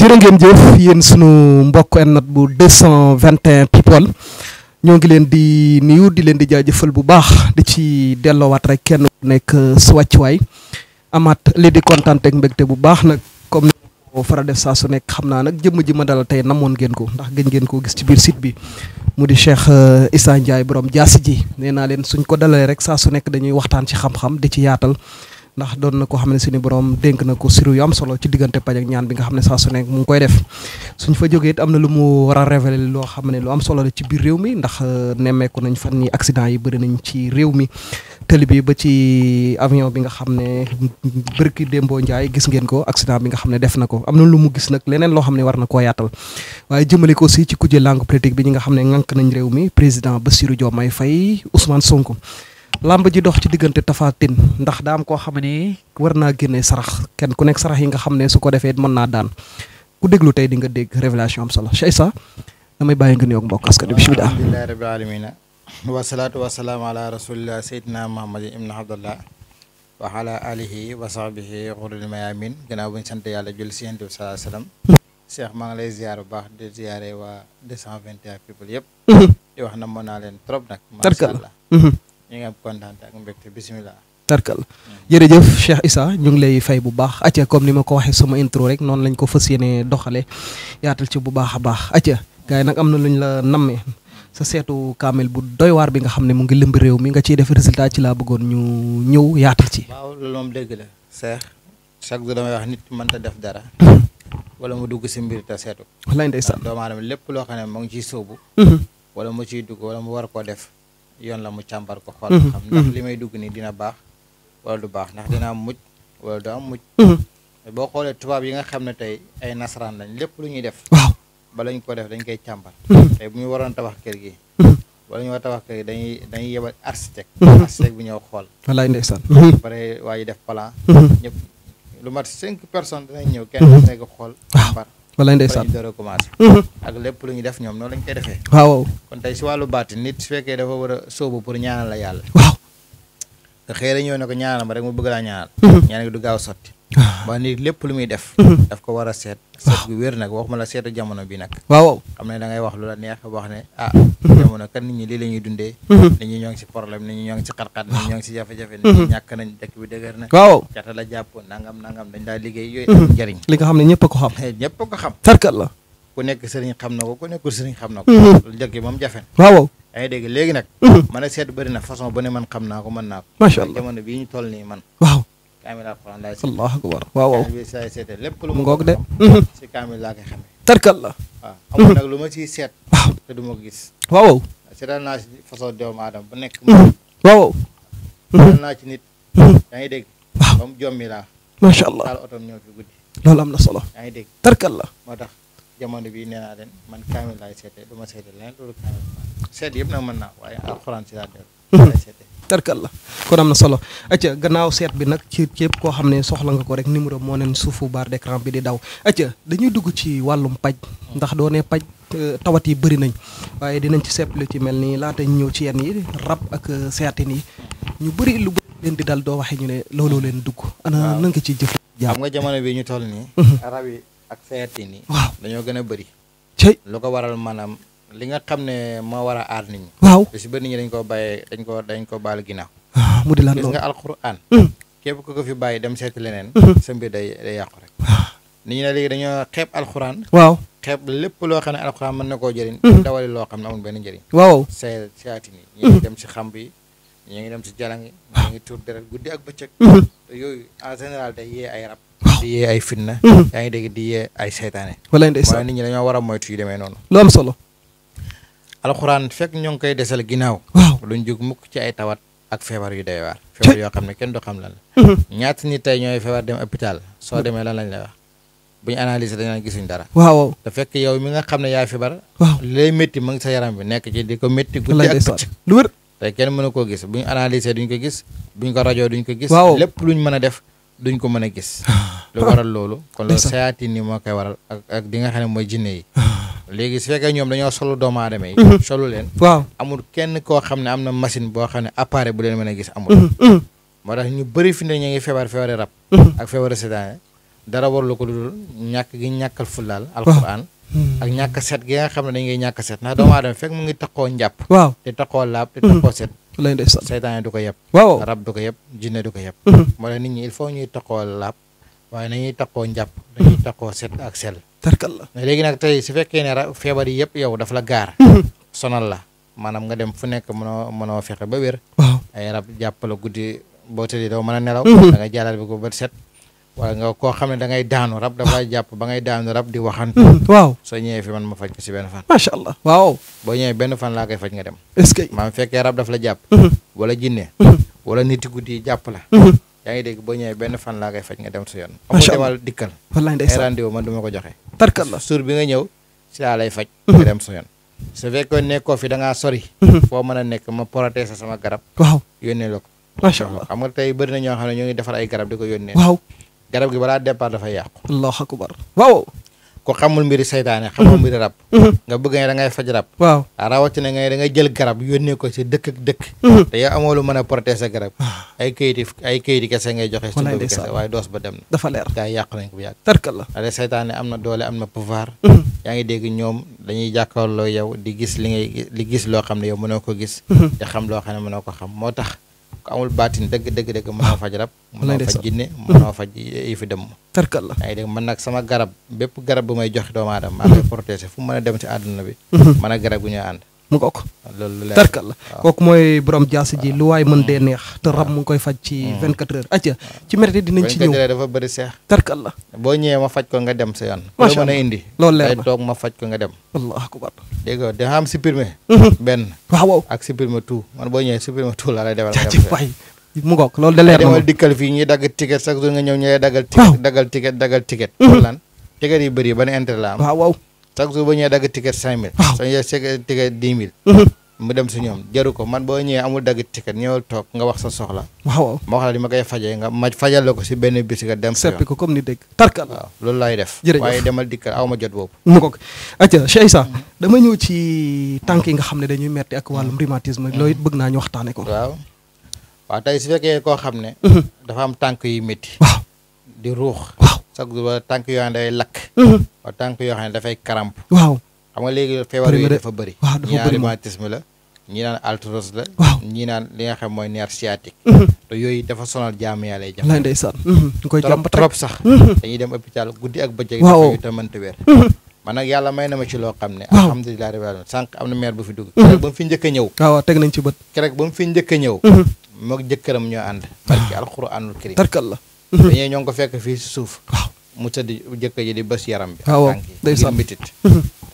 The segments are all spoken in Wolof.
jërë ngeen jëf yéen sunu mbokk nat bu 221 people ñoo ngi leen di nuyu di leen di jaajëfal bu baax di ci dellowaat rek kenn ku nekk euh, su wàccuwaay amaat li di kontaan ak mbégte bu baax nag comme ni fara def saa su nekk xam naa nag jëmm ji ma dalal tey namoon ngeen ko ndax gëj ngeen koo gis ci biir site bi mu di Cheikh euh, Issa Ndiaye borom jaasi ji nee naa leen suñ ko dalalee rek saa su nekk dañuy waxtaan ci xam-xam di ci yaatal. ndax doon na ko xam ne suñu borom dénk na ko siru yu am solo ci diggante paj ak ñaan bi nga xam ne saa su nekk mu ngi koy def suñ fa jógee am na lu mu war a loo xam ne lu solo la ci biir réew mi ndax euh, nemmeeku nañ fan ni accident yi bëri nañ ci réew mi tëli bi ba ci avion bi nga xam ne bërki démboo njaay gis ngeen ko accident bi nga xam ne def na ko am na lu mu gis nag leneen loo xam ne war na koo yaatal waaye jëmale ko aussi ci kujje langue politique bi ñi nga xam ne ŋànk nañ réew mi président Bassirou Diomaye Faye Ousmane Sonko làmb ji dox ci diggante Tapha Tine ndax daam am koo xam ne war naa génne sarax kenn ku nekk sarax yi nga xam ne su ko defee mën naa daan ku déglu tey di nga dégg révélation am solo Cheikh Issa damay bàyyi nga nuyoog mbokk askan bi bismillah alhamdulillahi rabbil alamina wasalaatu wasalaamu ala rasulillah seydina mahamadi ibn abdallah wa ala alihi wa sahbihi xurul mayamin gannaaw buñu sant yàlla jul si yent bi salaa salaam Cheikh maa ngi lay ziar bu baax di ziare waa 221 people yëpp mhm. di wax na mën naa leen trop nag masha ñu ngi am kontaan ak mbégte bisimilah. tarkal jërëjëf Cheikh Issa ñu ngi lay fay bu baax acca comme ni ma ko waxee sama intro rek noonu lañ ko fas yéene doxale yaatal ci bu baax a baax acca gars yi nag am na luñ la nammee sa seetu kaamel bu doy waar bi nga xam ne mu ngi lëmb réew mi nga ciy def résultat ci laa bëggoon ñu ñëw yaatal ci. waaw loolu moom la. Cheikh chaque jour damay wax nit mënta def dara. wala mu dugg si mbir te seetu. walaay ndeysaan doomu aadama lépp loo xam ne mu ngi ciy soobu mhm. wala mu ciy dugg wala mu war koo def. yoon la mu càmbar ko xool mhm. xam ndax mhm. li may dugg nii dina baax wala du baax ndax dina am mucc wala du am mucc mhm. boo xoolee tubaab yi nga xam ne tey ay nasaraan lañ lépp lu ñuy def waaw ba lañ ko def dañ koy càmbar tey bu ñu tabax kër gi wala ñu war tabax kër gi dañuy dañuy yebal architecte architecte bi ñëw xool wallaay ndeysaan pare waa def plan ñëpp lu mat cinq personnes dinañ ñëw kenn nekk xool càmbar walaay ndeysaan mhm. ak lépp lu ñu def ñoom noonu lañ koy defee waaw kon tey si wàllu baati nit fekkee dafa war a pour ñaanal la yàlla waaw te xëy na ñëw ne ko ñaanal ma rek mu bëgg laa ñaanal mhm. ñaan du gaaw sotti ah. ba nit lépp lu muy def mhm. daf ko war a seet ah. seet gu wér nag waxuma la seetu jamono bi nag waaw xam ne da ngay wax lu la wax ne ah, woon a nit ñi lii la ñuy dundee mhm. nit ñi ñoo ngi si problème nit ñi ñoo ngi si xat-xat nit ñi ah. jafe-jafe nit ñi mhm. ñàkk nañ dëkk bi na waaw cata la jàpp nangam nangam dañ daa liggéey yooyu mhm. am njëriñ li nga xam ne ñëpp a ko xam ñëpp a la ku nekk sëriñ xam na ko ku nekkul sëriñ xam na ko lu njëkk moom jafe waaw yaa ngi dégg léegi nag man ak seet bëri na façon bu ne man xam naa ko mën naa ko allah jamono bii ñu tarkal la. waaw ah, amul nag lu ma ciy seet. du ma gis. waaw. seetal naa ci façon doomu aadama nekk. Mm-hmm. waaw. Mm-hmm. naa ci nit. Mm-hmm. yaa ngi dégg. waaw ba mu allah taal otoom ñëw na solo. yaa ngi dégg tarkal la moo jamono bi nee leen man kaamil laay seete du ma seete leneen loolu kaamil seet yëpp nag mën naa waaye alxuraan si laa dellu hmm. hmm. seete tarkal la kon am na solo acca gannaaw seet bi nag ci képp koo xam ne soxla nga ko rek numéro moo neen suufu barre d'écran bi di daw acca dañuy dugg ci wàllum paj ndax doo ne paj euh, tawat yi bëri nañ waaye dinañ ci sepp lu ci mel nii laata ñu ñëw ci yenn yi rab ak euh, seetin yi ñu bëri lu bëri leen di dal doo waxee ñu ne looloo leen dugg ana nan nga ciy jëf ñu toll nii hmm. ak seet yi waaw dañoo gën a bëri. cëy lu ko waral maanaam li nga xam ne ma war a aar niñ ñi. waaw si bëri ñi dañ koo bàyyee dañ ko dañ ko baal ginnaaw. Ah, mu di lan gis nga alxuraan. Mm. képp ko fi bàyyi dem seet leneen. Mm-hmm. sa mbir day yàqu rek. Ah. nit ñi ne léegi dañoo xeeb alxuraan. waaw xeeb lépp loo xam ne alxuraan mën na koo jëriñ. Mm-hmm. dawali loo xam ne amul benn njëriñ. waaw seet seeti ñu dem si xam bi ñu ngi dem si jalang. ñu ah. ngi tur deret guddi ak bëccëg. Mm-hmm. yooyu en général day yee ay rab. di yee ay fitna. Mhm. yaa ngi dégg di yee ay seytaane. walaay ndeysaan waaye nit ñi dañoo war a moytu yu demee noonu. lu am solo. alxuraan fekk ñoo ngi koy desal ginnaaw. waaw luñ mukk ci ay tawat ak feebar yu doy waar. feebar yoo xam ne kenn du xam lan la. Mhm. ñaata nit tey ñooy feebar dem hôpital soo demee lan lañ lay wax bu ñu analyser dañ naan gisuñ dara. waaw fekk yow mi nga xam ne yaay feebar. waaw lay métti ngi sa yaram bi nekk ci di ko métti. guddi ak bëccëg lu koo gis ñu analyser duñ ko gis ko rajo duñ ko gis. waaw lépp luñ mën a def. duñ ko mën a gis. lu waral loolu. kon loolu sayaatin yi moo koy waral ak ak xam ne mooy jinne yi. léegi su fekkee ñoom dañoo solu doomu aadama yi. solu leen. waaw amul kenn koo xam ne am na machine boo xam ne appareil bu leen mën a gis amul. moo tax ñu bëri fi ne ñu ngi feebar feebari rab. ak feebar seetaane dara warlu ko dul ñàkk gi ñàkkal fulaal. alquran ak ñàkk set gi nga xam ne dañ ngay ñàkk set ndax doomu fekk mu ngi taxoo njàpp. te taxoo laab lay ndeysaan seytaane du a yeb waaw rab du ko yeb jinne du ko yeb mhm. moo tax nit ñi il faut ñuy taqoo laab waaye nañuy taqoo njàpp dañuy taqoo set ak sel tarkal la léegi nag tey su fekkee ne feebar yi yëpp yow daf la gaar mhm. sonal la maanaam nga dem fu nekk mënoo mënoo fexe ba wér waaw ay rab jàpp guddi boo tëddee doo mën nelaw mhm. da nga jàllal bi ko ba set wala nga koo xam ne da ngay daanu rab dafay jàpp ba ngay daanu rab di waxantu. Hmm, waaw soo ñëwee fi man ma faj ko si benn fan. macha allah waaw. boo ñëwee benn fan laa koy faj nga dem. est-ce que maam fekkee rab daf la jàpp. Hmm. wala jinne hmm. wala nit guddi jàpp la. yaa ngi dégg boo ñëwee benn fan laa koy faj nga dem su yoon. macha allah amul demal dikkal. wallaay ndeysaan ma ko joxe. tarkal la suur bi nga ñëw si laa faj. nga dem su yoon. su nekkoo fi da ngaa sori. foo mën a nekk ma protéger sama garab. waaw yónnee la ko. macha allah xam nga tey bëri na xam ne ñoo ngi defar ay garab di ko yónnee. waaw garab gi balaa départ dafay yàqu. allahu akbar waaw. ku xamul mbiri seytaane xamul mbiri rab mm-hmm. Mm-hmm. nga bëgg ne da ngay faj rab waaw ah, rawatina nga ne da ngay jël garab yónnee ko si dëkk ak dëkk mm-hmm. te yow amoo lu mën a protéger garab ah. ay kayiti ay kayiti kese ngay joxe si loolu kese waaye doos ba dem na dafa leer gaa yàq nañ ko bu yàgg tarkalla ade seytaane am na doole am na pouvoir yaa ngi dégg ñoom dañuy jàkkaarloo yow di gis li ngay li gis loo xam ne yow mënoo ko gis te xam loo xam ne mënoo ko xam moo tax ku amul baatin dëgg deg dëgg mën naa ah. faj rab mën naa faj jinne mën yi fi dem tarkal la ay man nag sama garab bépp garab bu may joxe doomu aadama maa ngi fu mën a dem ci àdduna bi man a garab gu mu ngoog tarkal ah, la ah. kooku mooy borom jaas ji ah. lu waay mën dee neex te mu ngi koy faj ci 24 heures acca ci merite dinañ ci ñëw dafa bëri la boo ñëwee ma faj ko nga dem sa yoon macha allah a indi loolu leer na toog ma faj ko nga dem allah akbar dégg nga dafa am supprimer mhm. benn waaw waaw ak supprimer tout man boo ñëwee supprimer tout la lay mu ngoog loolu de leer na demal dikkal fii ñuy dagg ticket chaque jour nga ñëw ñëwee daggal ticket daggal ticket daggal ticket mhm. lan ticket yi bëri ban intérêt la am chaque jour ba ñëwee dagg ticket cinq mille. waaw soo ñëwee ticket dix mille. Mhm. mu dem si ñoom jaru ko man boo ñëwee amul dagg ticket ñëwal toog nga wax sa soxla. waaw ma wax la di ma koy fajee nga ma fajal la ko si benn bis nga dem. seppi ko comme ni dégg tarkal loolu laay def. waaye demal dikkal aw ma jot boobu. mu ko acca Cheikh mhm. dama ñëw ci tànk yi nga xam ne dañuy metti ak wàllum rhumatisme mhm. loolu it bëgg naa ñu waxtaanee ko. waaw waaw tey fekkee koo xam ne. dafa chaque jour wala tànk yoo xam ne day lakk. wala tànk yoo xam ne dafay karamp. waaw xam nga yooyu dafa bëri. waaw dafa bëri ñii rhumatisme la. ñii naan arthrose la. waaw ñii naan li nga xam mooy nerf sciatique. te yooyu dafa sonal jaamu yàlla yi. jamono ndeysaan. ñu koy jàmbat trop sax. dañuy dem hôpital guddi ak bëccëg. waaw dafa yu te mënta wér. man nag yàlla may na ma ci loo xam ne. waaw alhamdulilah rabbil alamin sànq am na maire bu fi dugg. keroog ba mu fi njëkk a ñëw. a moog jëkkëram ñoo ànd. Ah. barki alxuraanul karim tarkal la dañuy ñoo ngi ko fekk fii si suuf mu tëdd jëkk ji di bës yaram bi ah, waaw day sàmm bitit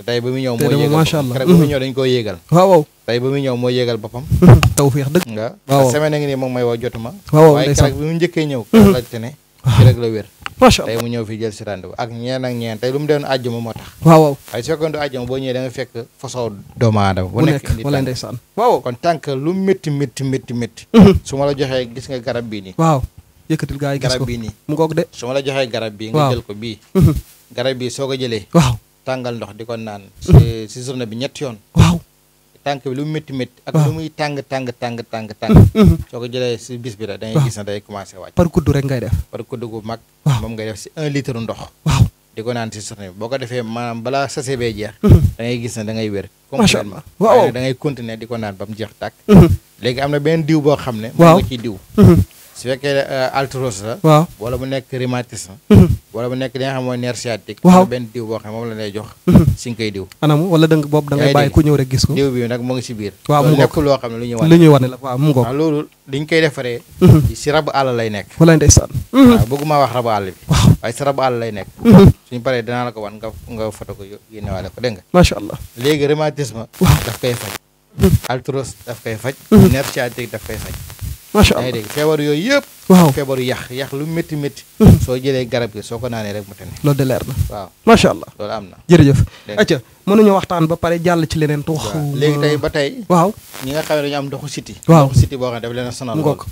te ba muy ñëw moo yéegal macha allah dañ yéegal waaw ba muy ñëw moo yéegal boppam tawfiix dëgg nga waaw a ngi nii moom may woo jotuma waaw waaye keroog bi mu njëkkee ñëw ah. la wér macha allah tey mu ñëw fi jël si rendez-vous ak ñeen ak lu mu doon àjjuma moo tax waaw waaw waaye su fekkoon boo ñëwee da nga fekk façon doomu aadama bu nekk wala ndeysaan waaw kon tànk lu métti métti métti ma la joxee gis nga garab bii nii waaw yëkkatil gaa yi gis ko garab bii nii mu ngoog de su a la joxee garab bii nga jël ko bi uhuh. garab bii soo ko jëlee waaw tàngal ndox di ko naan si uhuh. journée bi ñetti yoon waaw bi lu mu métti métti ak lu muy tàng tàng tàng tàng tàng uhuh. soo ko jëlee si bis bi rek da ngay gis ne day commencé wàcc par kudd rek def par kudd gu moom ngay def si un litre ndox di ko naan si journée bi boo ko defee maanaam balaa sase jeex da ngay gis ne da ngay wér complètement waaw da ngay continuer di ko naan ba mu jeex tàkk léegi am na benn diw boo xam ne moo ciy diw su fekkee euh, arthrose la. waaw wala mu nekk rhumatisme. Mhm. wala mu nekk li nga xam mooy nerf sciatique. waaw benn diw boo xam moom la lay jox. Mhm. si nga koy diw. anam wala danga boobu da ngay bàyyi ku ñëw rek gis ko. diw bi nag moo ngi si biir. waaw mu nekk loo xam ne lu ñuy wane. lu ñuy wane la waaw mu ngoog. loolu koy defaree. si mhm. rabu àll lay nekk. wala ndeysaan. waaw bëgguma wax rabu àll bi. waaw rabu àll lay nekk. suñu paree dinaa la ko wan nga nga foto ko yéenewaale ko dégg nga. macha allah léegi rhumatisme. waaw daf koy faj. arthrose daf koy faj. nerf sciatique daf koy faj macha allah dégg feebar yooyu yëpp waaw feebaru yax yax lu métti métti hmm. soo jëlee garab gi soo ko naanee rek mu tane loolu de leer na waaw macha allah loolu am na jërëjëf acca mënuñu waxtaan ba pare jàll ci leneen wax léegi tey ba tey waaw ñi nga xam ne am ndoxu siti ndoxu siti boo xam ne a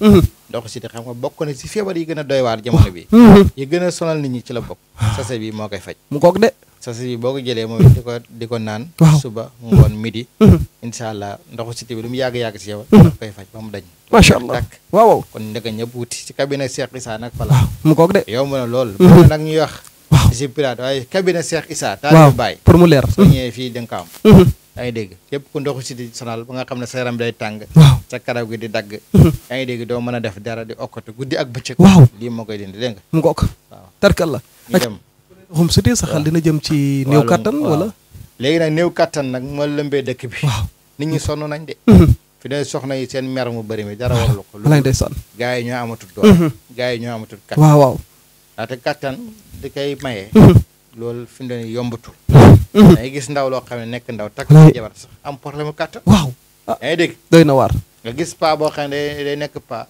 hmm. a doy hmm. a de sasi bi boo ko jëlee moom di ko di ko naan suba ngoon midi mhm. incha allah ndoxu siti bi lu mu yàgg-yàgg si yow mhm. koy faj ba mu dañ macha allah waaw waaw kon ndeka ñëpp wuti si cabinet Cheikh Issa nag fala mu koog de yow mën lool mën mhm. nag ñuy wax si pirate waaye cabinet Cheikh Issa taalibi Baay pour mu leer soo ñëwee fii dinga ko ay yaa dégg yëpp ku ndoxu si di sonal ba nga xam ne sa yaram day tàng waaw sa di dagg yaa ngi dégg doo mën a def dara di okkatu guddi ak bëccëg waaw lii moo koy dindi dégg nga mu ngoog la ñu ndoxum sutee saxal dina jëm ci néew kattan wala léegi nag néew kattan nag moo lëmbee dëkk bi waaw nit ñi sonn nañ de mhm. fi ne soxna yi seen mer mu bëri mi dara warlu ko lañ day sonn gars yi ñoo amatul doole mhm. gars yi ñoo amatul kattan waaw waaw ndaxte kattan di koy maye mhm. loolu fi mu ne yombatul dangay gis ndaw loo xam nekk ndaw takk am problème mu kattan waaw dangay ah. dégg doy na waar nga gis pa boo xam ne day nekk pa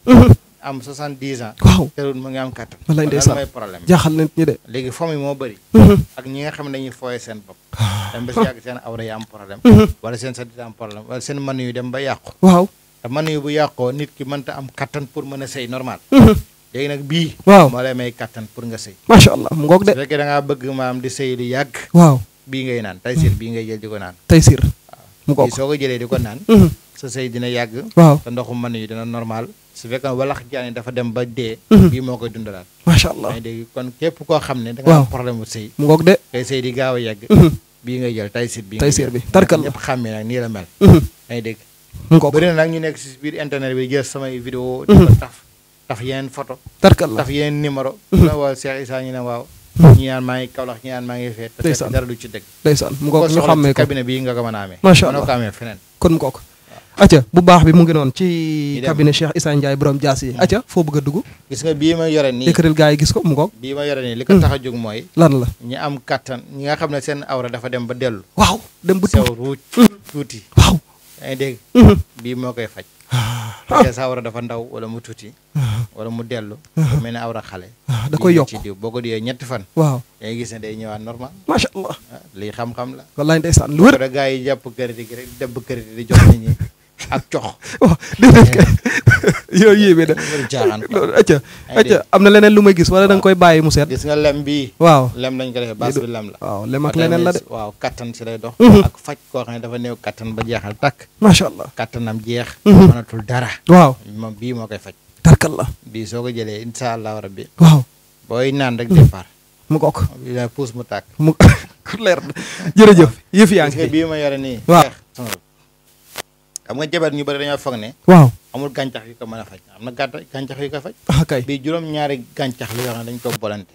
am 70 ans. waaw teewul mu ngi am kattan. walaay ndeysaan mooy problème jaaxal nañ ñi de. léegi famille moo bëri. Mhm. ak ñi nga xam ne dañuy fooye seen bopp. Ah. dem ba si yàgg seen awra yi am problème. Mhm. wala seen sa sëddi am problème wala seen mën yu dem ba yàqu. waaw te yu bu yàqoo nit ki mënta am kattan pour mën a sëy normal. Mhm. léegi nag bii. waaw moo lay may kattan pour nga sëy. macha allah mu ngoog de. su fekkee da bëgg maam di sëy lu yàgg. waaw bii ngay naan tey siir bii di ko naan. tey mu kooku soo ko jëlee di ko naan. Mhm. sa sëy dina yàgg. waaw te ndoxu mën yi dina normal. su fekkoon walax jaani dafa dem ba dee. Mhm. bii moo koy dundalaat. macha allah dégg kon képp koo xam ne. da nga am problème mu sëy. mu ngoog de kay sëy di gaaw a yàgg. Mhm. bii ngay jël tay sit bi tay sit bi tarkal la ñëpp xàmmee nag nii la mel. ay dégg. mu ngoog bëri na nag ñu nekk si biir internet bi jël samay vidéo. di ko taf taf yeneen photo. tarkal la taf yeneen numéro. dina woo Cheikh Issa ñu ne waaw. Hmm. ñi naan mu ngoog ñu xàmmee ko cabinet bi nga ko mën a amee macha allah ko amee feneen kon mu ngoog acca bu baax bi mu ngi noonu ci cabinet Cheikh Issa Ndiaye borom jaas yi hmm. acca foo bëgg a dugg gis nga bii ma yore nii yëkkatil gaa yi gis ko mu ngoog bii ma yore nii hmm. mooy lan la ñi am kattan ñi nga xam ne seen awra dafa dem ba dellu waaw dem ba tuuti sew ruuj tuuti waaw yaa moo koy faj bu dee dafa ndaw wala mu tuuti. wala mu dellu. bu mel ne awra xale. da koy yokk ci diw boo ko diyee ñetti fan. waaw da ngay gis ne day ñëwaat normal. macha allah ah, lii xam-xam la. wallaay ndeysaan lu wér. da gaa yi jàpp kër gi rek dëbb kër gi jox nit ñi ak cox. waaw kay. yooyu yéeme na loolu acca acca am na leneen lu may gis wala da nga koy bàyyi mu seet gis nga lem bii waaw lem lañ ko defee bas bi lem la waaw lem ak leneen la de waaw kattan si lay dox mhm. ak faj koo ne dafa néew kattan ba jeexal takk macha allah kattanam jeex mhm. mënatul dara waaw moom bii moo koy faj tarkal la bii soo ko jëlee insha allahu rabbi waaw booy naan rek mhm. départ mu gook puus mu tàkk mu leer jërëjëf yëf yaa ngi bii ma yore nii waaw xam nga jabar ñu bëri dañoo foog ne. waaw amul gàncax yi ko mën a faj am na gàncax yi yu ko faj. Ah, kay bii juróom-ñaari gàncax la yoo xam ne dañu ko lan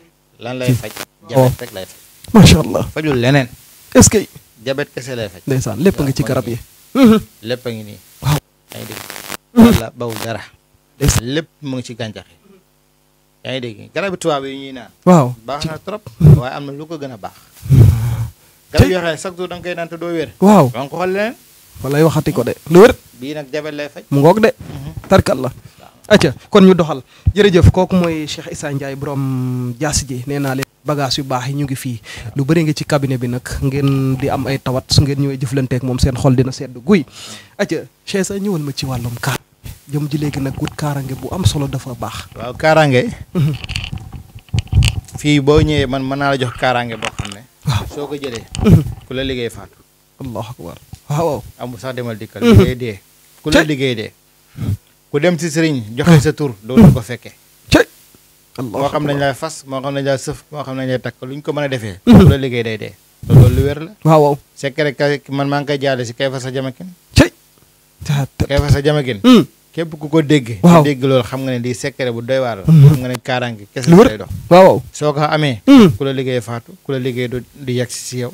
lay faj. Oh. jabet rek lay faj. macha fajul leneen. est-ce que. jabet kese lay faj. ndeysaan lépp a ngi ci garab yi. lépp a ngi nii. waaw. yaa ngi dégg. wala baw lépp mu ngi ci gàncax yi. yaa ngi dégg garabu tubaab yi ñuy baax naa trop. waaye am na lu ko gën a baax. garab yoo xam chaque jour da nga naan te doo wér. waaw walay waxati ko de bii nag mu ngoog de. Mhm. tarkal la. acca kon ñu doxal jërëjëf kooku mooy Cheikh Issa Ndiaye borom jaas ji nee naa leen bagage yu baax yi ñu ngi fii lu bari ngi ci cabinet bi nag ngeen di am ay tawat su ngeen ñëwee jëflanteek moom seen xol dina sedd guy acca Cheikh Issa ñëwal ma ci wàllum kaar jëm ji léegi nag wut kaarange bu am solo dafa baax waaw kaarange mhm. fii boo ñëwee man mën naa jox kaarange boo xam ne waaw soo ko jëlee mhm. ku la waaw amul sax demal dikkal mhm. liggéey dee ku la liggéey dee ku dem ci sëriñ joxe ah. sa tur dootu ko fekkee moo xam nañ lay fas moo xam nañ lay sëf moo xam nañ lay takk lu ñu ko mën a defee mhm. ku la liggéey day de loolu lu wér la waaw waaw secret man maa ngi koy jaale si kay sa jamakin cëy kay fa sa jamakin mhm. képp ku ko dégg waaw dégg xam nga ne lii secret bu doy waar la xam nga ne kaaraange kese lay dox waaw soo ko amee ku la liggéey faatu ku la liggéey du di yegg si si yow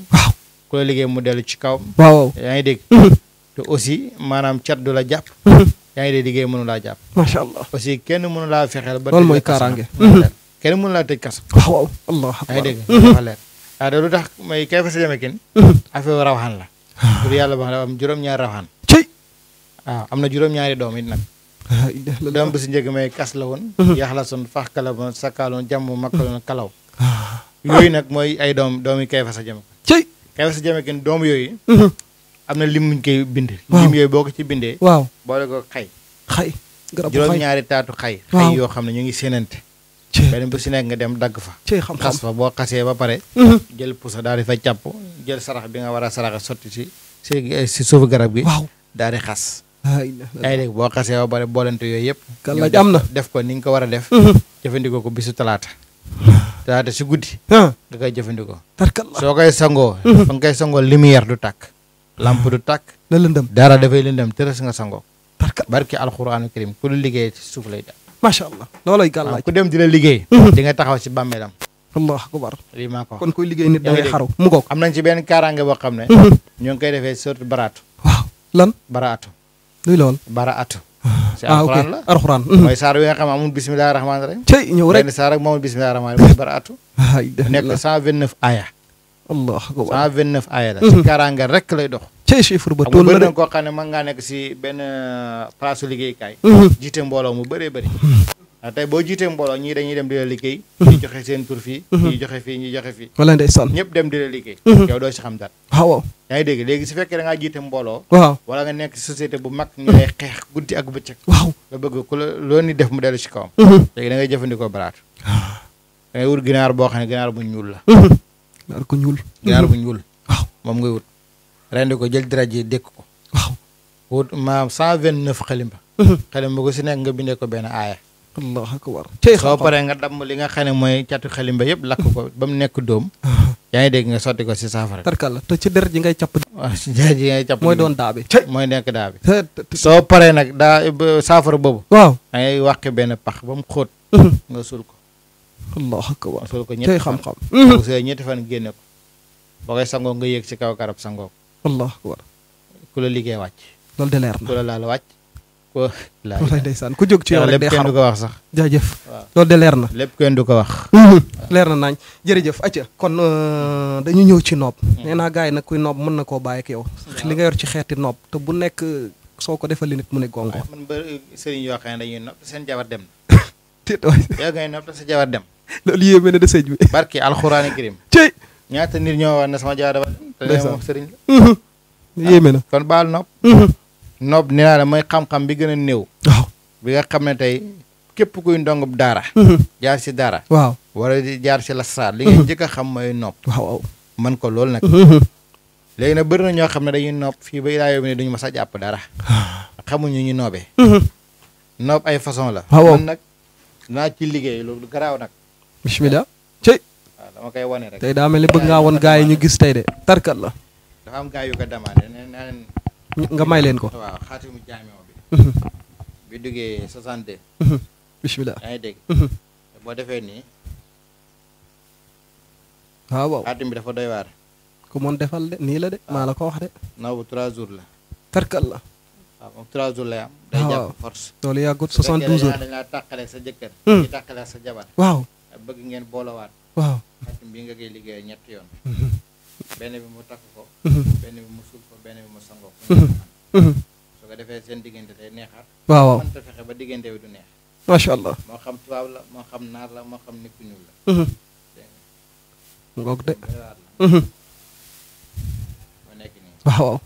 ku la liggéey mu dellu ci kaw waaw yaa ngi dégg mhm. te aussi maanaam cat du la jàpp mhm. yaa ngi dégg liggéey mënu laa jàpp macha allah aussi kenn mënu fexeel ba loolu mooy kaaraange mhm. kenn mënu laa tëj kaso waaw waaw allah yaa ngi dégg dafa leer ah, lu tax may kay fa sa jame kin la pour yàlla baax la am juróom ah, na juróom-ñaari doom it nag doom bu si njëkk may kas la woon yaxlasoon fax kalaboon sakkaaloon jàmm makkaloon kalaw ah. yooyu nag mooy ay doom doomi kay fa sa jame ko xew si jame doom yooyu mhm. am na lim muñ koy bind lim yooyu boo ko ci bindee waaw boole ko xay juróom ñaari taatu xay xay yoo xam ne ñu ngi séenante benn bu si nekk nga dem dagg fa xas fa boo xasee ba pare mhm. jël pusa daal di fa càpp jël sarax bi nga war a sarax sotti si si suufu garab gi waaw daal di xas yaa dégg boo xasee ba pare boolante yooyu yëpp gàllaaj am na def ko ni nga ko war a def mhm. jëfandikoo ko bisu talaata daate si guddi nga koy jëfandikoo soo koy sangoo mhm. fa nga koy sangoo du tàkk lampe du tàkk la lëndëm dara dafay lëndëm tërës nga sangoo barki alquranu karim ku lu liggéey ci suuf lay def macha allah loolay gàllaaj ku dem di la liggéey mhm. di taxaw si bàmmeelam allah akbar ko kon kuy liggéey nit da ngay xaru mu ngoog am nañ ci benn kaaraange boo xam ne mhm. ñoo ngi defee sorte baraatu waaw lan baraatu luy lool baraatu ci alxuraan ah, la alxuraan mooy mm-hmm. saar wi nga xam amul bisimilah rahmaani rahim tey ñëw rek benn saar rek moomul bisimilah rahmaani mooy baraatu nekk 129 aya allah akbar aya la ci mm-hmm. kaaraange rek lay dox tey chiffre ba toll na de koo xam nekk si benn euh, place liggéeykaay mm-hmm. jiite mbooloo mu bëree bëri Ah, tey boo jiitee mbooloo ñii dañuy dem di la liggéey mhm. ñuy joxe seen tur fii mhm. ñuy joxe fii ñuy joxe fii wala ndeysaan dem di la liggéey mhm. yow doo si xam dara waaw ah, waaw yaa dégg léegi su fekkee da ngaa mbooloo waaw wala nga nekk société bu mag ñu lay xeex guddi ak bëccëg waaw nga bëgg ku la loo ni def mu dellu si kawam léegi da ngay jëfandikoo baraat ah. da ngay wut ginaar boo xam ne ginaar bu ñuul la ginaar ko ñuul ginaar bu ñuul waaw moom ngay wut rendi ko jël dara ji dékk ko waaw wut maam cent vingt neuf xalimba xalimba ko si nekk nga bindee allah akbar tey soo paree nga damm li nga xam ne mooy catu xalimba yëpp lakk ko ba mu nekk doom yaa ngi dégg nga sotti ko si saafara tarkal la te ci der ji ngay càpp waaw ci der ji ngay càpp mooy doon daa bi mooy nekk daa soo paree nag daa saafara boobu waaw da ngay wàqi benn pax ba mu xóot mhm. nga suul ko allah akbar suul ko ñetti xam-xam mhm. see ñetti fan génne ko boo koy sangoo nga yéeg si kaw karab sangoo ko ku la liggéey wàcc loolu de na ku la laal wàcc walaay ndeysaan ku jóg ci yow rek day xaru lépp kenn du ko wax sax. loolu de leer na. lépp kenn du ko wax. Uhuh. leer na naañ jërëjëf acca kon euh, dañu ñëw ci noob. Hmm. nee naa gars yi nag kuy noob mën na koo bàyyi ak yow. Hmm. li nga yor ci xeeti noob te bu nekk euh, soo ko defalee nit mu ne gongo. man ba euh, sëriñ yoo xam ne dañuy noob seen jabar na. te de sëñ bi. barki alxuraani karim. cey ñaata nit ñoo wax ne sama jabar sëriñ la. Uhuh. yéeme na kon baal noob. noob nee naa la mooy xam-xam bi gën a néew. bi nga xam ne tey képp kuy ndongub daara. Mhm. jaar si daara. waaw wala jaar si lasaar. li nga mhm. njëkk xam mooy noob. man ko loolu nag. Mhm. léegi nag bëri na ñoo xam ne dañuy noob fii ba ilaa ne duñu mas a jàpp dara. xamuñu ñu noobee. noob ay façon la. waaw ci liggéey loolu garaaw nag. bismillah koy wane tey daa mel ni bëgg ngaa won gaa ñu gis tey de tarkat la. nga may leen ko. waaw xaatimu jaamiu bi. Mhm. bi duggee 62. Mhm. bisimilah yaa ngi dégg. Mhm. boo defee nii. waaw ah, waaw xaatim bi dafa doy waar. ku mën defal de nii la de maa la ko wax de. naw bu 3 la. tarkal la. waaw moom 3 jours lay am. day ah, jàpp force. laa tàqale sa jëkkër. di tàqale sa jabar. waaw bëgg ngeen boolawaat. waaw xaatim ñetti yoon. benn bi mu takk ko mhm. benn bi mu suul mhm. mhm. diggante day neexaat waaw waaw mënta ba diggante bi du neex macha allah moo xam tubaab la moo xam naar la moo xam nit ku ñuul la ngoog de waaw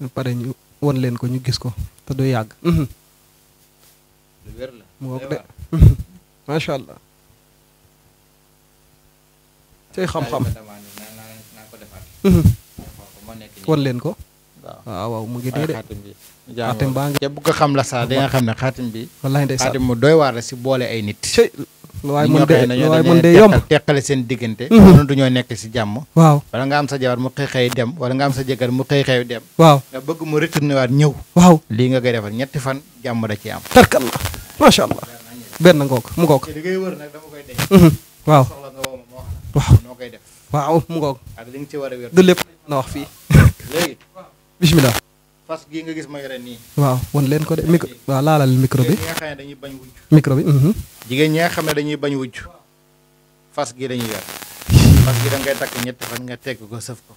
waaw pare ñu won leen ko ñu gis ko te du yàgg lu ngoog de macha allah cay xam-xam mhm. wan leen ko waaw ah, mu ngi nii de xaatim baa ngi bu ko xam la sax da xam ne xaatim bi wallaay ndeysaan xaatim mu doy waar la si boole ay nit waaye mën de waaye mën de yomb teqale seen diggante mënu mhm. nekk si jàmm waaw wala nga am sa jabar mu xëy xëy dem nga am sa jëkkër mu xëy xëy dem waaw nga bëgg mu retourné waat ñëw waaw lii nga koy defal ñetti fan jàmm da ci am tarkal la allah benn ngoog mu ngoog mhm. waaw waaw noo koy def waaw mu ngoog ak li nga ci war a wér du lépp na wax fii léegi bismillah fas gii nga gis ma yore nii waaw wan leen ko de micro waaw laalal micro bi nga xam ne dañuy bañ wujj micro bi jigéen ñi nga xam ne dañuy bañ wujj mhm. fas gi dañuy yor fas gi da ngay takk ñetti fan nga tekk ko sëf ko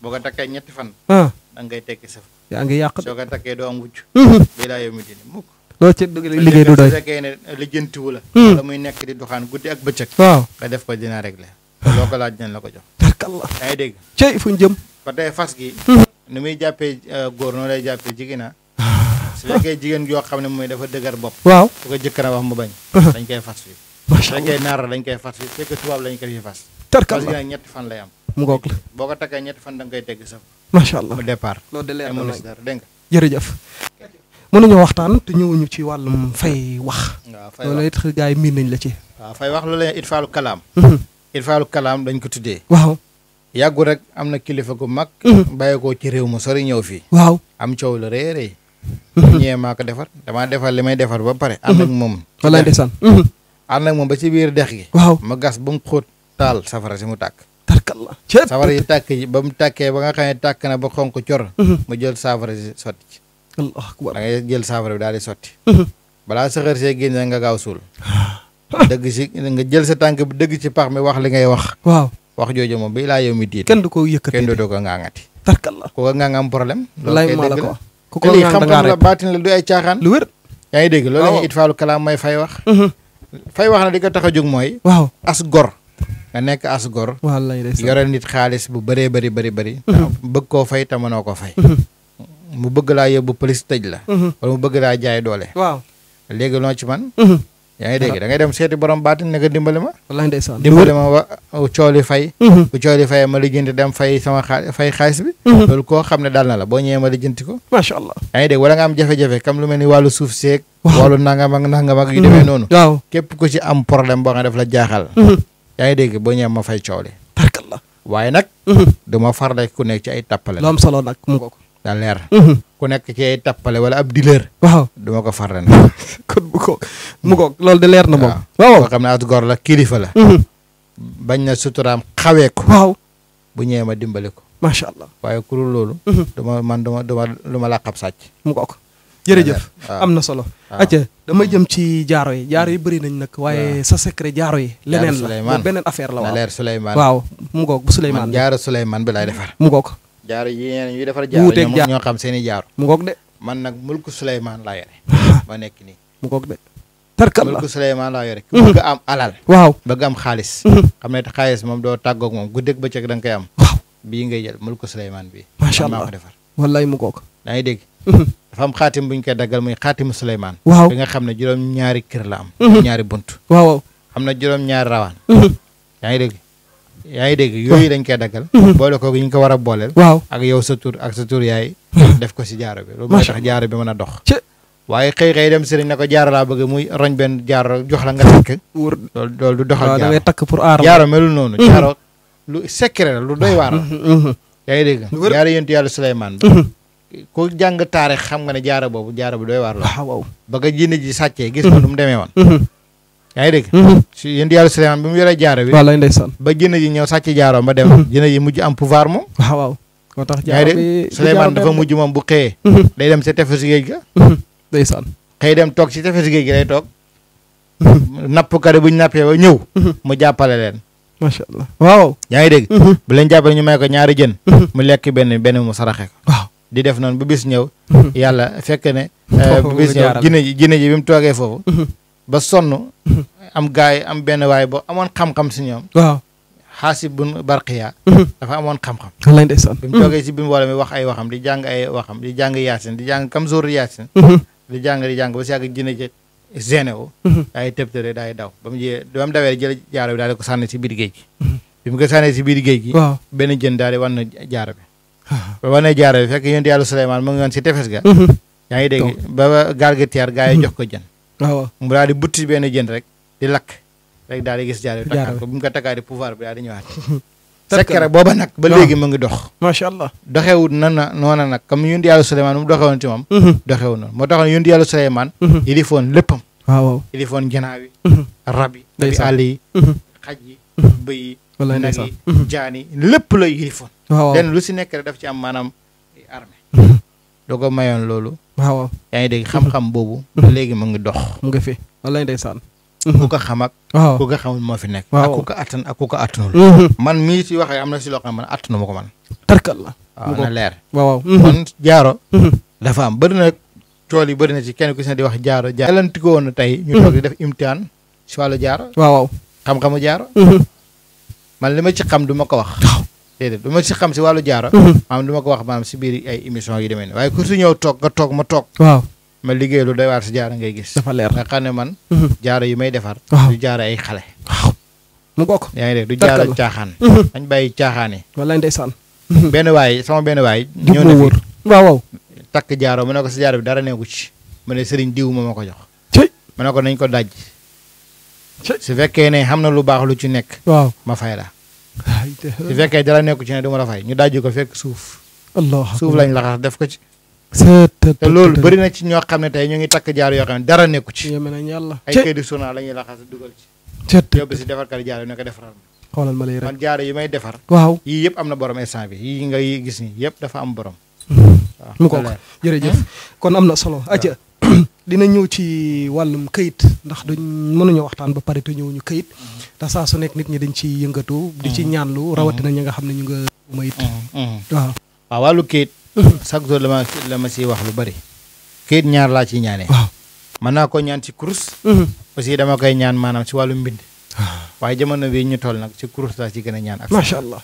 boo ko takkee ñetti fan ah. da ngay tekki sëf yaa ngi yàq soo ko takkee doo am wujj mhm. bii laa yow mi dini mukk loolu ci liggéey du doy fekkee la hmm. wala nekk di doxaan guddi ak bëccëg waaw def ko dina réglé loo laaj nañ la ko jox. tarkallah ngi dégg. cey fu ñu jëm. ba tey fas gi. Hmm. ni muy jàppee euh, góor noonu lay jàppee jigéen ah. Ah. su fekkee jigéen yoo xam ne mooy dafa dëgër bopp. waaw su ko jëkkër a wax mu bañ. Uh-huh. dañ koy fas fii. naar dañ koy fas fii su lañ koy fi fas. tarkallah ñetti fan lay am. mu ngoog la boo ko takkee ñetti fan da koy teg sa. macha allah mu départ. loolu de leer na nag dégg nga. waxtaan te ñëwuñu ci wàllum fay wax. waaw fay wax loolu it gars yi miin nañ la ci. fay wax loolu la it faalu kalaam. Uh-huh. irfaalu kalaam dañ ko tuddee. waaw yàggu rek am na kilifa gu mag. Mhm. bàyyi ko ci réew mu sori ñëw fii. waaw am coow la rëy a rëy. Mhm. ko defar damaa defar li may defar ba pare. ànd ak mhm. moom. walaay ndeysaan. ànd ak ba ci biir dex gi. waaw ma gas ba mu xóot taal safara si mu tàkk. tarkalla safara yi ba mu tàkkee ba nga tàkk na ba xonk cor. mu jël saafara si sotti ci. allah daal di sotti. balaa saxar see génne nga gaaw suul. dëgg si nga jël sa tànk bi dëgg ci pax mi wax li ngay wax waaw wax jooju moom bi laa yow mi tiit kenn du ko yëkkati kenn du ko ngaangati tarkalla ku ko ngaanga am problème lay maa la ko ku ko lii xam-xam la baatin la du ay caaxaan dégg loolu la ñuy it faalu kalaam may fay wax mhm. fay wax na di ko tax a jóg mooy as gor nga nekk as gor yoreel xaalis bu bëree bëri bëri bëri mhm. bëgg koo fay te mënoo ko fay mhm. mu bëgg laa yóbbu police tëj la wala mu bëgg laa jaay doole waaw léegi loo ci man yaa ngi dégg dangay dem seeti borom baatin ne ko dimbali ma. wallaahi ndeysaan cooli fay. Mhm. bu cooli fay ma lijjanti dem fay sama xaa fay xaalis bi. Mhm. loolu koo xam ne daal na la boo ñëwee ma lijjanti ko. macha allah yaa ngi dégg wala nga am jafe-jafe comme lu mel ni wàllu suuf seeg. wàllu nangam ak nangam ak yu demee mhm. noonu. waaw képp ku ci am problème boo xam ne la jaaxal. yaa ngi dégg boo ñëwee ma fay cooli. barkallah waaye nag. duma farle ku nekk ci ay tappale. lu am solo nag mu ko. daa leer. Mhm. ku nekk kee tappale wala ab dileer. waaw duma ko far ren. kon bu ko mu ko loolu de leer na moom. xam ne as la kilifa la. Mhm. na suturaam xawee ko. waaw bu ñëwee ma dimbale ko. macha allah waaye ku loolu. Mhm. duma man duma duma lu ma laqab sàcc. mu ko ko jërëjëf am na solo. acca dama jëm ci jaaro yi jaaro yi bëri nañ nag. waaye sa secret jaaro yi. leneen la beneen affaire la waaw. leer Souleymane waaw mu ngoog bu Souleymane. man jaaro Souleymane bi laay defar mu ngoog. jaar yi ñeneen ñuy defar jaar wuuteeg jaar ñoo xam seen i jaar mu ngoog de man nag mulku Souleymane laa yore ma nekk nii mu ngoog de tarkal la mulku Souleymane laa yore ku bëgg am alal waaw bëgg am xaalis xam ne xaalis moom doo tàggoog moom guddeeg ba da nga koy am waaw bii ngay jël mulku Souleymane bii macha allah maa ko defar wallaay da ngay dégg dafa am xaatim bu ñu koy daggal muy xaatimu Souleymane waaw bi nga xam ne juróom ñaari kër la am ñaari bunt waaw xam na juróom ñaari rawaan yaa ngi dégg yaa ngi dégg yooyu dañ koy dagal mhm. boole ko yi ñu ko war a booleel waaw ak yow sa tur ak sa tur yaay mhm. def ko si jaaro bi loolu mooy tax jaaro bi mën a dox waaye xëy xëy dem sëriñ ne ko jaaro bëgg muy roñ benn jaaro jox la nga takk wóor loolu du doxal jaaro takk pour aar jaaro melul noonu mhm. jaaro lu secret lu doy waar la yaa ngi dégg jaaro yéntu yàlla Suleymaan ku jàng taarix xam nga ne jaaro boobu jaaro bu doy waar la waaw ba nga jinne ji sàccee gis nga nu mu demee woon yaa ngi dégg mhm. si yéen di yàlla bi mu yoree jaaro bi wallaay ndeysaan ba jinne ji ñëw sàcc jaaroom ba dem jinne mhm. ji mujj am pouvoir moom waaw waaw moo tax jaaro bi yaa ngi dégg mujj moom bu xëyee mhm. day dem si tefesu géej ga ndeysaan xëy dem toog si tefesu géej gi toog nappkat bu ñu nappee ba ñëw mu jàppale leen macha waaw yaa ngi dégg bu leen jàppale ñu may ko ñaari jën mu lekk benn benn mu saraxe ko waaw di def noonu eh, bu bis ñëw yàlla fekke ne bu bis ñëw jinne ji jinne ji bi mu toogee foofu ba sonn. am gaay am benn waay boo amoon xam-xam si ñoom. waaw xaasib bun barqiya mhm. dafa amoon xam-xam. wallaay ndeysaan. bi mu toogee si bi mu wala wax ay waxam di jàng ay waxam di jàng yaasin di jàng kam zóor yaasin. Mhm. di jàng di jàng ba si yàgg jine je géné wu. Mhm. daay tëbtëre daay daw ba mu jiyee ba mu dawee jël jaaro bi si bi mu ko sànnee si biir géej gi. waaw benn jën daal di wan na jaaro bi. ba wan na jaaro bi fekk yéen di yàlla Suleymaan mu ngi si tefes ga. yaa ngi dégg ba gaal gi teer gaa yi jox ko jën waaw mu daal di butti benn jën rek di lakk rek daal di gis jaare bi takkaat ko bi mu ko takkaat di pouvoir bi daal di ñëwaat secret booba nag ba léegi mu ngi dox macha allah doxewut na na a nag comme yunti yàlla Souleymane mu doxewoon ci moom mm-hmm. doxewut noonu moo taxoon yunti yàlla Souleymane yilifoon mm-hmm. léppam waaw yilifoon janaaw mm-hmm. rabi àll yi xaj yi bëy yi lépp la yilifoon lenn lu si nekk rek daf ci am maanaam armée da ko mayoon loolu. waaw yaa ngi dégg xam-xam boobu. Mhm. léegi mu ngi dox. mu ngi fi wallay ndeysaan. Mhm. ku ko xam ak. waaw ku ko xamul moo fi nekk. waaw ak ku ko attan ak ku ko attanul. Mhm. man mii ci waxee am na si loo xam ne attanu ma ko man. tarkal la. waaw na leer. waaw jaaro. dafa am bëri na tool yi bëri na ci kenn ku si di wax jaaro jaaro. elanti ko tey. ñu toog di def imtihaan waaw xam-xamu jaaro. man li ma ci xam du ma ko wax. déedéet du ma si xam si wàllu jaara mhm. maanaam du ma ko wax maanaam si biir ay émission yi demee ne waaye ku si ñëw toog nga toog ma toog waaw ma liggéey lu day waar si jaara ngay gis dafa leer nga xam ne man mhm. jaara yu may defar du jaara ay xale waaw mu bokk du jaara caaxaan dañ mhm. bàyyi caaxaan yi benn waay sama benn waay ñëw na wër takk jaaro mu ne si jaaro bi dara neeku ci mu ne sëriñ diw ma ma ko jox mu ne ko nañ ko daj su fekkee ne xam na lu baax lu ci nekk waaw ma fay la su fekkee dara nekku ci ne du ma la fay ñu dajju ko fekk suuf. allah suuf lañ laxas def ko ci. te loolu bëri na ci ñoo xam ne tey ñu ngi takk jaar yoo xam ne dara nekku ci. yéeme nañ yàlla ay kayit yu suna la ñuy laxas dugal ci. te jaar yi ne ko ma. xoolal ma lay rek man jaar yi may defar. yii yëpp am na borom instant bi yii nga gis nii yëpp dafa am borom. Hmm. waaw mu ko jërëjëf hmm? kon am na solo. dina ñëw ci wàllum këyit ndax duñ mënuñoo waxtaan ba pare te ñëwuñu këyit te saa su nekk nit ñi dañ ci yëngatu. di ci mm-hmm. lu rawatina mm-hmm. ñi nga xam ne ñu nga ma it. Mm-hmm. waaw waaw wàllu këyit. chaque jour la ma si wax lu bari. këyit ñaar laa ciy ñaanee. waaw mën naa koo ñaan ci kurus. aussi dama koy ñaan maanaam ci wàllu mbind. Ah. waaye jamono bii ñu toll nag ci kurus laa ci gën a ñaan ak. macha allah.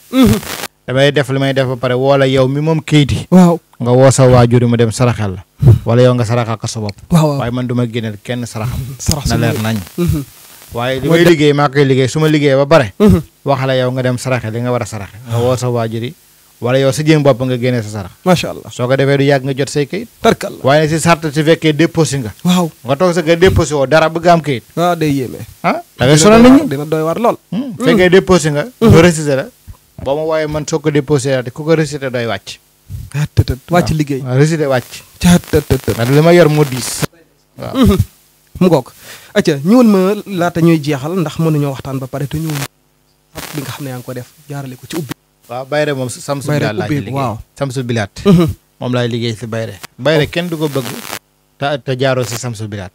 damay def li may def ba pare woola yow mi moom kayit yi waaw nga woo sa waajur mu dem saraxel la hmm. wala yow nga saraxal ko sa bopp waaye man du ma génneel kenn saraxam na leer nañ hmm. waaye li may liggéey maa koy liggéey su ma liggéey ba pare hmm. wax la yow nga dem saraxe li nga war a saraxe ah. sa waajur yi wala yow sa jéem bopp nga génnee sa sarax macha allah soo ko defee du yàgg nga jot say kayit tarkal waaye si sart si fekkee déposé nga waaw nga toog sa nga déposé woo dara bëgg am kayit waaw ah, day yéeme ah da ngay sonal nit ñi dina doy war lool fekkee déposé boo ma wooyee man soo ko déposé daal ku ko récité doy wàcc. wàcc liggéey waaw récité wàcc. caa tët tët ndax li ma yor moo diis. waaw mhm. mu goog. acca ñëwal ma laata ñuy jeexal ndax mënuñoo waxtaan ba pare te ñëw li nga xam ne yaa ngi ko def jaarale ko ci ubbi. waaw moom Samsul Bilaat laa ci liggéey Samsul Bilaat. Mhm. laay liggéey si Bayre. Bayre kenn du ko bëgg. te te jaaroo si Samsul Bilaat.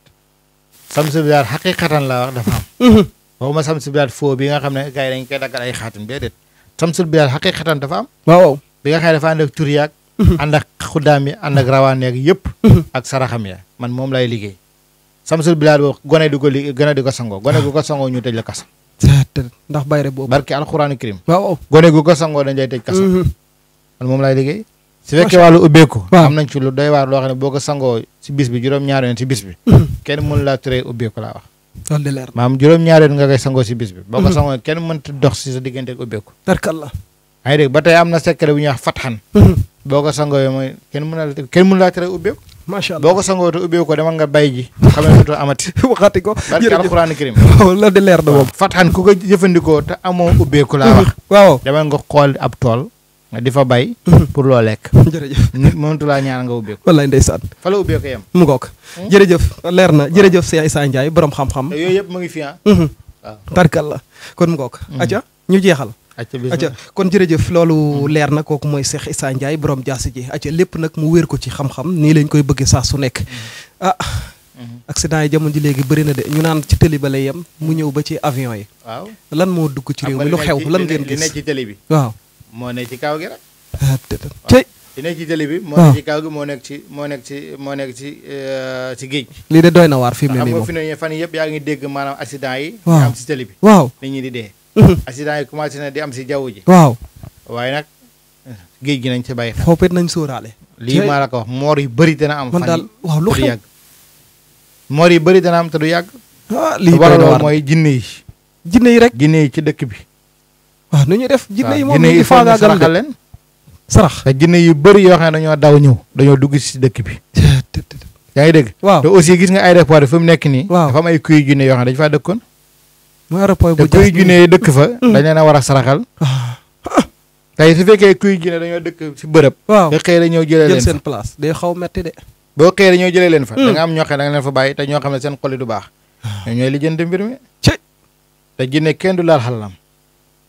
Samsul Bilaat xaqiqatan laa wax dafa am. Mhm. waxuma Samsul Bilaat foo bi nga xam ne gars yi dañ koy daggal ay xaatim déedéet samsul bilaal xaqiqatan dafa am waaw bi nga xam ne dafa ànd ak tur yaag mhm. ànd ak xuddaam yi ak rawaan yaag yëpp mhm. ak saraxam ya man moom lay liggéey samsul bilaal boobu gone di ko li gone di ko sangoo gone ko sangoo ñu tëj la kaso ndax bayre boobu barki alxuraanu karim waaw gone gu ko sangoo dañ lay tëj kaso mhm. man moom lay liggéey su fekkee wàllu ubbeeku am nañ ci lu waar loo xam ne boo ko sangoo si bis bi juróom-ñaari yoon si bis bi kenn mënu laa turee ubbeeku laa wax loolu de leer maam juróom-ñaareel nga koy sangoo si bis bi. boo ko mhm. sangoo kenn mënta dox si sa diggante ak ubbeeku. tarkalla. maa ngi dégg ba tey am na secret bu ñuy wax fatxan. Mhm. boo ko sangoo mooy kenn mën naa la kenn mën laa tere ubbeeku. macha allah boo ko sangoo te ubbeeku ko nga bay ji. xam ne dootoo amati. waxati ko jërëjëf barke alxuraan karim. loolu de leer na moom. fatxan ku ko jëfandikoo te amoo ubbeeku laa wax. waaw dama nga xool ab tool. di fa bay. Mhm. pour loo lekk. jërëjëf nit mënatu ñaar ñaan nga ubbeeku. wallaay ndeysaan. fa la ubbeeku yem. mu ngoog eh? jërëjëf leer na jërëjëf Cheikh Issa Ndiaye borom xam-xam. Eh, yooyu yëpp mu ngi fi ah. Mhm. waaw tarkalla kon mu ngoog. Mm. ñu jeexal. acca kon jërëjëf loolu mm. leer na kooku mooy Cheikh Issa Ndiaye borom jaasi ji acca lépp nag mu wér ko ci xam-xam nii lañ koy bëggee saa su nekk mm. ah. Mm-hmm. accident yi jamono ji léegi bëri na de ñu naan ci télé ba lay yem mu ñëw ba ci avion yi. waaw lan moo dugg ci réew mi lu xew lan ngeen gis. moo ne ci kaw gi rek. tey. li nekk ci jëli bi. moo nekk ci moo nekk ci moo nekk ci moo euh, ci ci géej lii de doy na waar fi mu ne fan yëpp yaa ngi dégg maanaam accident yi. waaw am ci jëli bi. waaw nit ñi di dee. Mhm. accident yi commencé na di am si jaww ji. waaw waaye nag géej gi nañ ci bàyyi. foofu it nañ sóoraale. lii maa la ko wax moor yu bëri dana am. fan yii daal waaw lu xew moor yu bëri dana am te du yàgg. ah lii doy mooy jinne yi. jinne yi rek jinne yi ci dëkk bi. waaw nu ñuy def jinne yi moom ñu ngi faagaagal de leen sarax te jinne yu bari yoo xam ne dañoo daw ñëw dañoo dugg si dëkk bi yaa ngi dégg waaw aussi gis nga aéroport bi fu mu nekk nii dafa am ay kuy junne yoo xam ne dañu faa dëkkoon te kuy junne yi dëkk fa mm. dañ leen a war a saraxal tey su fekkee kuy junne dañoo dëkk si bërëb te xëy na ñëw jëlee leen seen place day xaw metti de boo xëy na jëlee leen fa mm. da nga am ñoo xam ne leen fa bàyyi te ñoo xam ne seen xol du baax ñoo ñooy lijjanti mbir mi te jinne kenn du laal xalalam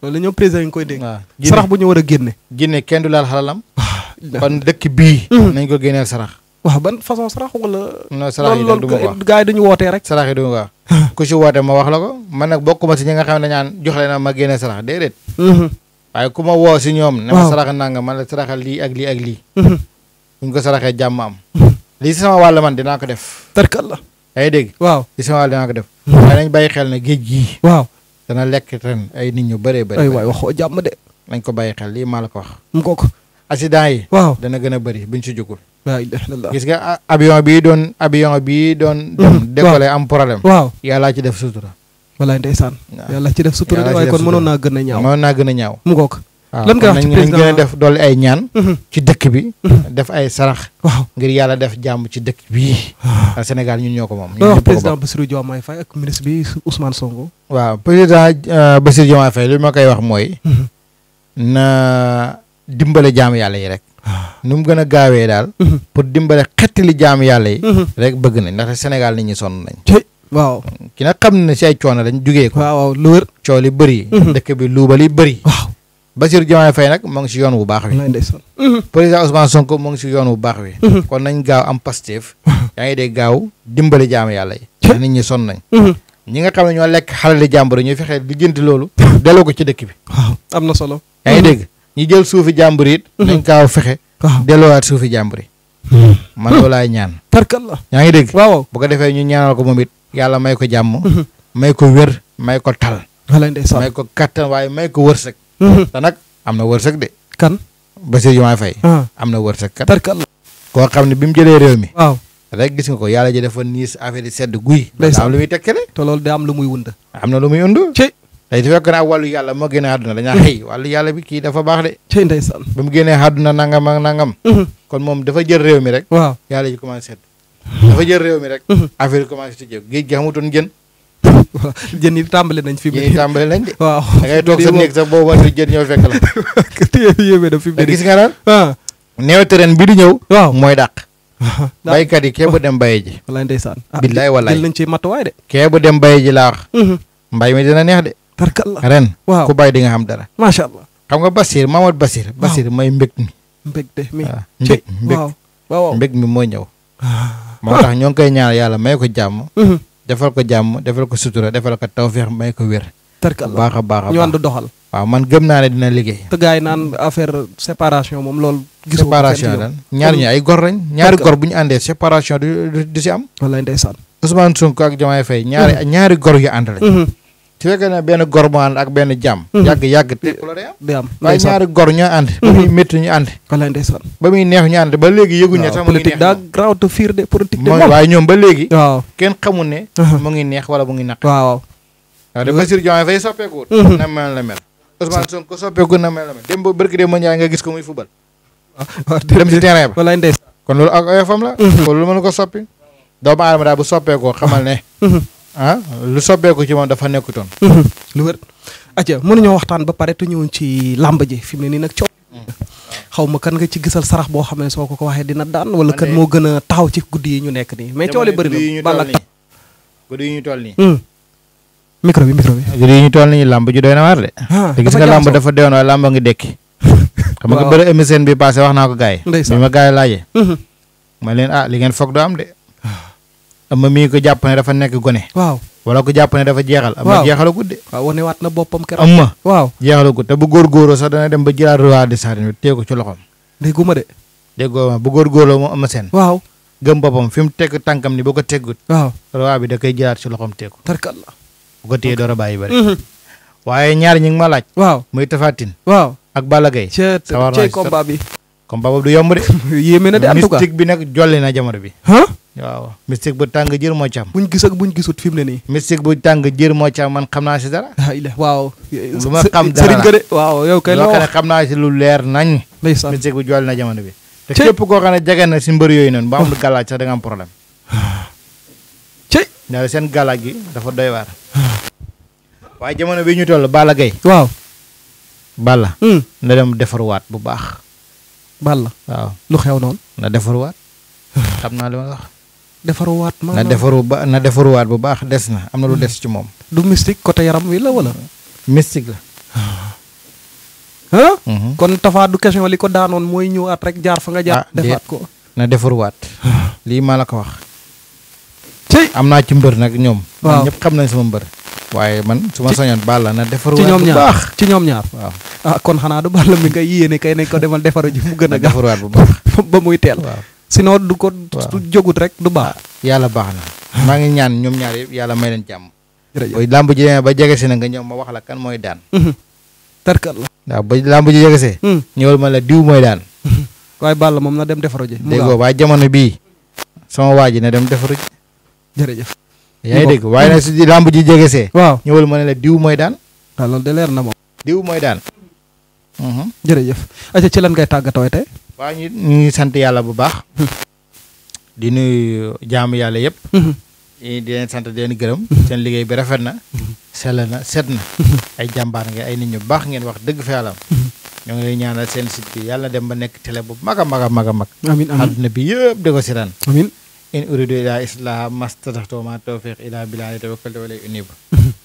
loolu la ñoom président yi nga koy dégg. sarax bu ñu war a génne. génne kenn du laal xalalam. kon ah, dëkk bii. Hmm. nañ ko génneel sarax. waaw ba façon sarax wala. non sarax yi daal du ma wax gaa yi dañu wootee rek. sarax yi du ma ah. ma wax la ko man nag bokkuma si ñi nga xam ne ñaan ma génne sarax déedéet. Hmm. waaye ku woo si ñoom. ne ma sarax nangam man la saraxal lii ak ak lii. Hmm. buñ ko saraxee jàmm am. lii si sama wàll man ko def. tarkalla. la ngi dégg. waaw li si sama wàll dinaa ko def. waaye nañ bàyyi xel ne géej gii. dana lekk ren ay nit ñu bëree bëri. ay waay waxoo jàmm de. nañ ko bàyyi xel lii maa la ko wax. mu ko ko. yi. waaw dana gën a bëri buñ si jógul. waaw gis nga avion bii doon avion bii doon. Mm, dem décoller am problème. waaw yàllaa ci def sutura. walaay ndeysaan. yàlla ci def sutura de waaye kon mënoon naa gën a ñaaw. mënoon naa gën a ñaaw mu ko. Ah, lan nga wax ci président gën a def dolli ay ñaan. ci dëkk bi. def ay sarax. waaw ngir yàlla def jàmb ci dëkk bi ah. senegal ñun ñoo ko moom. ñoo wax président Bassirou Diomaye Faye ak ministre bi Ousmane Sonko. waaw euh, li ma koy wax mooy. na dimbale jaamu yàlla yi rek. Ah. nu mu gën a gaawee daal. pour dimbale xettali jaamu yàlla yi. rek bëgg nañ ndaxte senegal nit ñi sonn nañ. waaw ki xam na si ay coono dañ jugee ko. waaw lu bëri. dëkk bi luubal bëri. Bassirou Diomaye Faye nag moo ngi si yoon wu baax wi mhm. président Ousmane Sonko moo ngi si yoon wu baax wi mhm. kon nañ gaaw am Pastef mhm. yaa ngi dee gaaw dimbali jaam yàlla yi nit ñi son nañ ñi nga xam ne ñoo lekk xalali jàmbur ñu fexe lijjanti loolu delloo ko ci dëkk bi am na solo yaa ngi dégg ñi suufi jàmbur it nañ gaaw fexe delloowaat suufi jàmbur yi man loolu laay ñaan tarkalla yaa ngi dégg waaw bu ko defee ñu ñaanal ko moom it yàlla may ko jàmm may ko wér may ko tal may ko kattan waaye may ko wërsëg Mhm. te nag am na wërsëg de. kan Bassirou Diomaye Faye. Ah. am na wërsëg kan koo xam ne bi mu jëlee réew mi. waaw rek gis nga ko yàlla ji dafa niis affaire yi sedd guy. ndeysaan am muy tekkale. te loolu day am lu muy wund. am na lu muy wund. ci tey su fekkoon ak wàllu yàlla moo génnee mhm. bi kii dafa baax de. ci ndeysaan ba mu génnee àdduna nangam ak nangam. Mhm. kon moom dafa jël réew mi rek. waaw yàlla ji commencé sedd. dafa jël réew mi rek. affaire yi commencé tijjeeku géej gi xamutoon jën waaw jën yi tàmbali nañ fi mu ne. tàmbali nañ de. waaw da ngay toog sa néeg sax boo wàllu jën ñëw fekk la. ne. gis nga naan. ah. néew terrain bi di ñëw. waaw mooy dàq. baykat yi kee bu dem baye ji. walaay ndeysaan. Ah, billaay walaay jël nañ ci matuwaay de. kee dem baye ji laa mhm. mbay mi dina neex de. ren. waaw ku bay di nga xam dara. macha allah. xam nga Basir Mamadou Basir. waaw may mooy mbég mi. mbég ah, mi moo ñëw. Ah. moo tax ñoo ngi ñaan yàlla may ko jàmm. Mhm. defal ko jàmm defal ko sutura defal ko tawféex may ko wér. tërkal baax a baax a ñu ànd doxal. waaw man gëm naa ne dina liggéey. te gars yi naan affaire séparation moom loolu. gisoo séparation lan ñaar ñu ay gor lañ. ñaari gor bu ñu àndee séparation du du si am. wallaay ndeysaan. Ousmane Sonko ak Diomaye Faye ñaari mm-hmm. ñaari gor yu ànd lañ. Mm-hmm. su fekkee ne benn gor mu ànd ak benn jàmm mhm. yàgg yàgg day am waaye ñaari gor ñoo ànd ba mhm. muy métti ñu ànd walaay ndeysaan ba muy neex ñu ànd ba léegi yëguñu sax politique daa graw fiir de politique de moom waaye ba léegi waaw kenn xamul ne mhm. mu ngi na mel la na mel la mel dem ba barki dem ma ñaay nga gis ko muy fubal waaw dem si terrain ba walaay ndeysaan kon loolu ak daal bu soppeekoo xamal ne ah lu soppeeku ci moom dafa nekkutoon. Mhm. lu wér. atia mënuñoo waxtaan ba pare te ñëwoon ci làmb ji fi ne nii nag coow. Mm. xaw ma kan nga ci gisal sarax boo xam ne soo ko ko waxee dina daan wala kan moo gën a taxaw ci guddi yi ñu nekk nii mais coow li bëri na bala ta guddi yi ñu toll bi micro bi. guddi yi ñu toll nii mm. ah, de. Ah, te gis nga làmb dafa doyoon waaye làmb ngi dekki. xam nga bëri émission bi passé wax naa ko gars yi. ndeysaan ma gars yi laajee. Mhm. ma leen ah li ngeen foog am de. ama mii ko jàpp dafa nekk gone. waaw wala ko jàpp dafa jeexal. waaw ama jeexalagut de. waaw wane waat na am ma waaw jeexalagut te bu góorgóorloo sax dana dem ba jëlaat roi des arènes bi tee ko ci loxoom. déggu de. déggoo ma bu góorgóorloo mu ama seen. waaw gëm boppam fi mu teg tànkam ni boo ko teggut. waaw roi bi da koy jëlaat ci loxoom tee ko. tarkalla ko téye door a bàyyi bari. Mhm. waaye ñaar ñi ngi ma laaj. waaw muy tafatin. waaw ak Balla Gaye. ca ca combat bi. combat boobu du yomb de. yéeme na de en bi nag jolli naa jamono bi. waaw mystique bu tàng jër moo ci am. buñ gis ak buñ gisut fi ne nii. mystique bu tàng jër moo ci am man xam naa si dara. waaw. lu ma xam dara la waaw yow kay xam naa si lu leer nañ. ndeysaan mystique bu jool na jamono bi. te képp koo xam ne jege na si mbër yooyu noonu. ba amul gàllaaj sax da seen gàllaaj gi dafa doy jamono bi ñu toll Balla Gaye. waaw. Balla. Hmm. na dem defarwaat bu baax. Balla. waaw lu xew noonu. na defarwaat. xam naa li ma wax. defaruwaat ma na defaru ba na defaruwaat bu baax des na am na lu hmm. des ci moom. du mystique côté yaram wi la wala. mystique la. Ah. Ah? Hmm. kon tafaa du question li ko daanoon mooy ñëwaat rek jaar fa nga jaar. Ah, defaat ko na defaruwaat. lii maa la ko wax. tey am naa ci mbër nag ñoom. waaw xam nañ sama mbër. waaye man su ma soñoon Balla na defaru. ñoom ñaar ci ñoom ñaar waaw. ah kon xanaa du Balla mi ngay yéene kay nañ ko demal ji gën a. defaruwaat bu baax ba muy teel. sinon du ko. jógut rek du baax. yàlla baax na maa ngi ñaan ñoom ñaar yëpp yàlla may leen jàmm làmb ji ba jege si na nga ñëw ma wax la kan mooy daan mhm. tarkal la waaw ba làmb ji jege see mhm. ma la diw mooy daan mhm. waaye Balla moom na dem defaru ji déggoo waaye jamono bii sama waa ji na dem defaru ji jërëjëf yaa ngi dégg waaye nag si làmb ji jege ma ne la diw mooy daan waaw loolu de leer na moom diw mooy daan a aca ci lan ngay tàggatoo tey waa ñu ñu sant yàlla bu baax di nuyu jaamu yàlla yëpp. Mm-hmm. di leen sant di leen gërëm. Mm-hmm. seen liggéey bi rafet na. Mm-hmm. sell na set na. ay jàmbaar ngeen ay nit ñu baax ngeen wax dëgg fi yàlla ñoo ngi lay ñaanal seen site bi yàlla dem ba nekk tele bu mag a mag a mag a mag. amiin amiin àdduna bi yëpp di ko si daan. amiin in uridu ila islaha mastataxtu ma tawfiq ila billahi tawakkaltu wa ilayhi unib.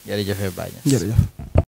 jërëjëf Baye Niass jërëjëf.